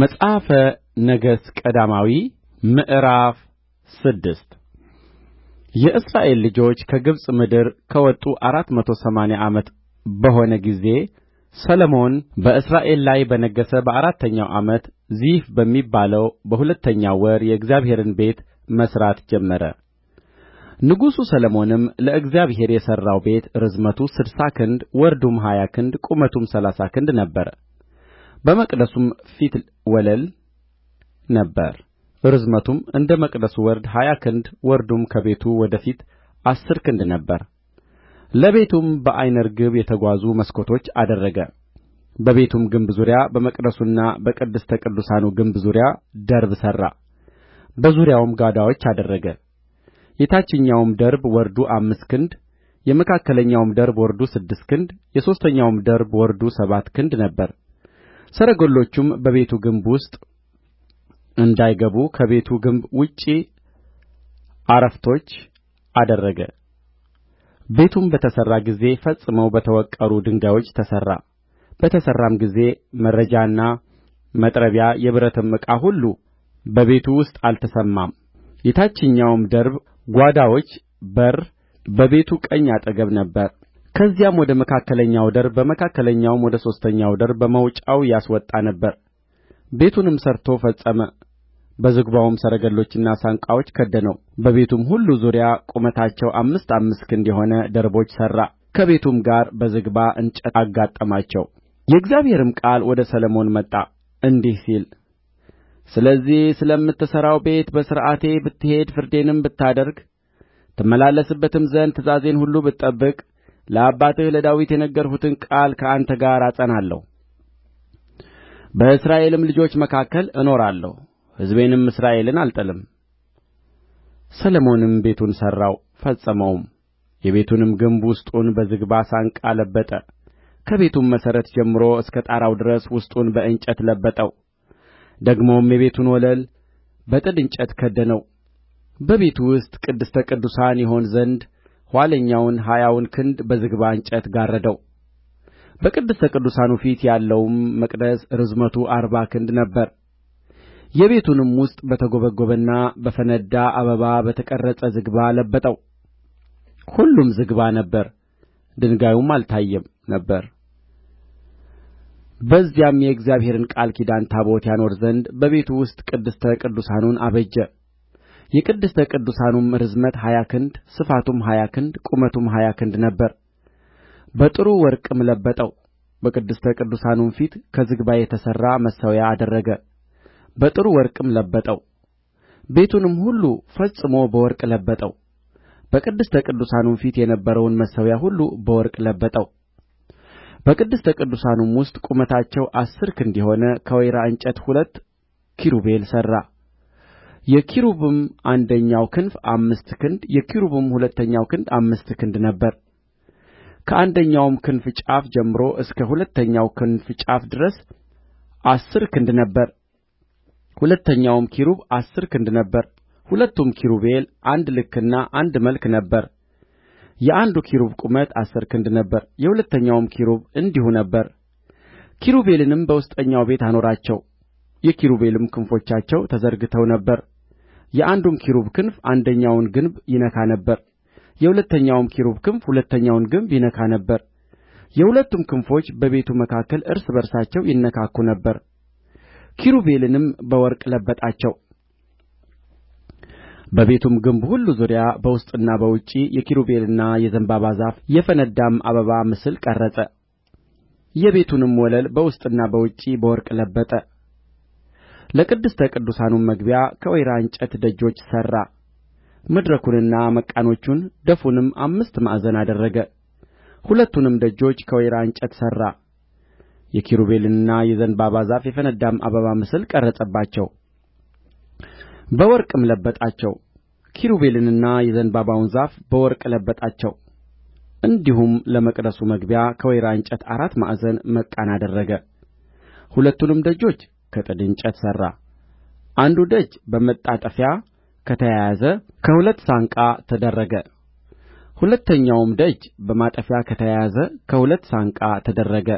መጽሐፈ ነገሥት ቀዳማዊ ምዕራፍ ስድስት የእስራኤል ልጆች ከግብፅ ምድር ከወጡ አራት መቶ ሰማንያ ዓመት በሆነ ጊዜ ሰሎሞን በእስራኤል ላይ በነገሠ በአራተኛው ዓመት ዚፍ በሚባለው በሁለተኛው ወር የእግዚአብሔርን ቤት መሥራት ጀመረ። ንጉሡ ሰሎሞንም ለእግዚአብሔር የሠራው ቤት ርዝመቱ ስድሳ ክንድ ወርዱም ሀያ ክንድ ቁመቱም ሠላሳ ክንድ ነበረ። በመቅደሱም ፊት ወለል ነበረ ርዝመቱም እንደ መቅደሱ ወርድ ሀያ ክንድ ወርዱም ከቤቱ ወደ ፊት አሥር ክንድ ነበረ ለቤቱም በዓይነ ርግብ የተጓዙ መስኮቶች አደረገ በቤቱም ግንብ ዙሪያ በመቅደሱና በቅድስተ ቅዱሳኑ ግንብ ዙሪያ ደርብ ሠራ በዙሪያውም ጓዳዎች አደረገ የታችኛውም ደርብ ወርዱ አምስት ክንድ የመካከለኛውም ደርብ ወርዱ ስድስት ክንድ የሦስተኛውም ደርብ ወርዱ ሰባት ክንድ ነበረ ሰረገሎቹም በቤቱ ግንብ ውስጥ እንዳይገቡ ከቤቱ ግንብ ውጭ አረፍቶች አደረገ ቤቱም በተሠራ ጊዜ ፈጽመው በተወቀሩ ድንጋዮች ተሠራ በተሠራም ጊዜ መረጃና መጥረቢያ የብረትም ዕቃ ሁሉ በቤቱ ውስጥ አልተሰማም የታችኛውም ደርብ ጓዳዎች በር በቤቱ ቀኝ አጠገብ ነበረ ከዚያም ወደ መካከለኛው ደርብ በመካከለኛውም ወደ ሦስተኛው ደርብ በመውጫው ያስወጣ ነበር ቤቱንም ሠርቶ ፈጸመ በዝግባውም ሰረገሎችና ሳንቃዎች ከደነው በቤቱም ሁሉ ዙሪያ ቁመታቸው አምስት አምስት ክንድ የሆነ ደርቦች ሠራ ከቤቱም ጋር በዝግባ እንጨት አጋጠማቸው የእግዚአብሔርም ቃል ወደ ሰሎሞን መጣ እንዲህ ሲል ስለዚህ ስለምትሠራው ቤት በሥርዓቴ ብትሄድ ፍርዴንም ብታደርግ ትመላለስበትም ዘንድ ትእዛዜን ሁሉ ብትጠብቅ ለአባትህ ለዳዊት የነገርሁትን ቃል ከአንተ ጋር አጸናለሁ በእስራኤልም ልጆች መካከል እኖራለሁ ሕዝቤንም እስራኤልን አልጥልም ሰሎሞንም ቤቱን ሠራው ፈጸመውም የቤቱንም ግንብ ውስጡን በዝግባ ሳንቃ ለበጠ ከቤቱም መሠረት ጀምሮ እስከ ጣራው ድረስ ውስጡን በእንጨት ለበጠው ደግሞም የቤቱን ወለል በጥድ እንጨት ከደነው በቤቱ ውስጥ ቅድስተ ቅዱሳን ይሆን ዘንድ ኋለኛውን ሀያውን ክንድ በዝግባ እንጨት ጋረደው በቅድስተ ቅዱሳኑ ፊት ያለውም መቅደስ ርዝመቱ አርባ ክንድ ነበረ የቤቱንም ውስጥ በተጐበጐበና በፈነዳ አበባ በተቀረጸ ዝግባ ለበጠው ሁሉም ዝግባ ነበረ ድንጋዩም አልታየም ነበር በዚያም የእግዚአብሔርን ቃል ኪዳን ታቦት ያኖር ዘንድ በቤቱ ውስጥ ቅድስተ ቅዱሳኑን አበጀ የቅድስተ ቅዱሳኑም ርዝመት ሀያ ክንድ ስፋቱም ሀያ ክንድ ቁመቱም ሀያ ክንድ ነበረ በጥሩ ወርቅም ለበጠው በቅድስተ ቅዱሳኑም ፊት ከዝግባ የተሠራ መሠዊያ አደረገ በጥሩ ወርቅም ለበጠው ቤቱንም ሁሉ ፈጽሞ በወርቅ ለበጠው በቅድስተ ቅዱሳኑም ፊት የነበረውን መሠዊያ ሁሉ በወርቅ ለበጠው በቅድስተ ቅዱሳኑም ውስጥ ቁመታቸው አሥር ክንድ የሆነ ከወይራ እንጨት ሁለት ኪሩቤል ሠራ የኪሩብም አንደኛው ክንፍ አምስት ክንድ የኪሩብም ሁለተኛው ክንፍ አምስት ክንድ ነበረ ከአንደኛውም ክንፍ ጫፍ ጀምሮ እስከ ሁለተኛው ክንፍ ጫፍ ድረስ አሥር ክንድ ነበረ ሁለተኛውም ኪሩብ አሥር ክንድ ነበረ ሁለቱም ኪሩቤል አንድ ልክና አንድ መልክ ነበረ የአንዱ ኪሩብ ቁመት አሥር ክንድ ነበረ የሁለተኛውም ኪሩብ እንዲሁ ነበረ ኪሩቤልንም በውስጠኛው ቤት አኖራቸው የኪሩቤልም ክንፎቻቸው ተዘርግተው ነበር የአንዱም ኪሩብ ክንፍ አንደኛውን ግንብ ይነካ ነበር የሁለተኛውም ኪሩብ ክንፍ ሁለተኛውን ግንብ ይነካ ነበር የሁለቱም ክንፎች በቤቱ መካከል እርስ በርሳቸው ይነካኩ ነበር ኪሩቤልንም በወርቅ ለበጣቸው በቤቱም ግንብ ሁሉ ዙሪያ በውስጥና በውጭ የኪሩቤልና የዘንባባ ዛፍ የፈነዳም አበባ ምስል ቀረጸ የቤቱንም ወለል በውስጥና በውጭ በወርቅ ለበጠ ለቅድስተ ቅዱሳኑም መግቢያ ከወይራ እንጨት ደጆች ሠራ መድረኩንና መቃኖቹን ደፉንም አምስት ማዕዘን አደረገ ሁለቱንም ደጆች ከወይራ እንጨት ሠራ የኪሩቤልንና የዘንባባ ዛፍ የፈነዳም አበባ ምስል ቀረጸባቸው በወርቅም ለበጣቸው ኪሩቤልንና የዘንባባውን ዛፍ በወርቅ ለበጣቸው እንዲሁም ለመቅደሱ መግቢያ ከወይራ እንጨት አራት ማዕዘን መቃን አደረገ ሁለቱንም ደጆች ከጥድ እንጨት ሠራ አንዱ ደጅ በመጣጠፊያ ከተያያዘ ከሁለት ሳንቃ ተደረገ ሁለተኛውም ደጅ በማጠፊያ ከተያያዘ ከሁለት ሳንቃ ተደረገ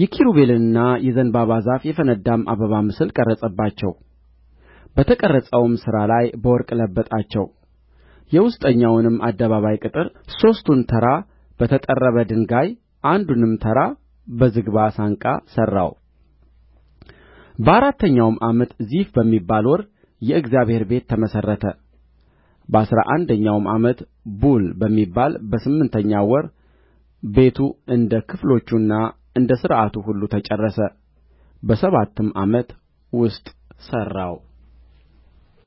የኪሩቤልንና የዘንባባ ዛፍ የፈነዳም አበባ ምስል ቀረጸባቸው በተቀረጸውም ሥራ ላይ በወርቅ ለበጣቸው የውስጠኛውንም አደባባይ ቅጥር ሦስቱን ተራ በተጠረበ ድንጋይ አንዱንም ተራ በዝግባ ሳንቃ ሠራው በአራተኛውም ዓመት ዚፍ በሚባል ወር የእግዚአብሔር ቤት ተመሠረተ በአሥራ አንደኛውም ዓመት ቡል በሚባል በስምንተኛው ወር ቤቱ እንደ ክፍሎቹና እንደ ሥርዓቱ ሁሉ ተጨረሰ በሰባትም ዓመት ውስጥ ሠራው